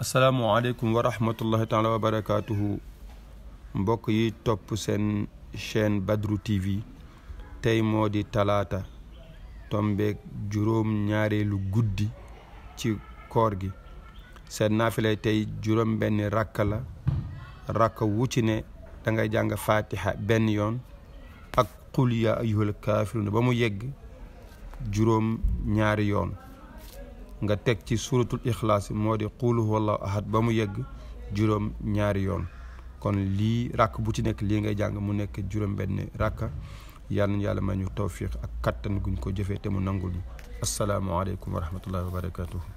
asalaamualeykum wa rahmatullahi taala wa barakaatuhu mbokk yi topp seen chaîne Badru TV tey moo di talaata tombeeg juróom ñaareelu guddi ci koor gi seen naafila tey juróom benn rakk la rakk wu ci ne da jàng fatiha benn yoon ak qul ya ayyuhal kaafiruun ba mu yegg juróom ñaari yoon nga teg ci suratul ixlaas moo di qul walla ahad ba mu yegg juróom ñaari yoon kon lii ràkk bu ci nekk lii ngay jàng mu nekk juróom benn ràkka yal nañu yàlla ma ñu tawfiq ak kattan guñ ko jëfee te mu nangul ñu asalaamaaleykum wa rahmatullahi wa barakatuhu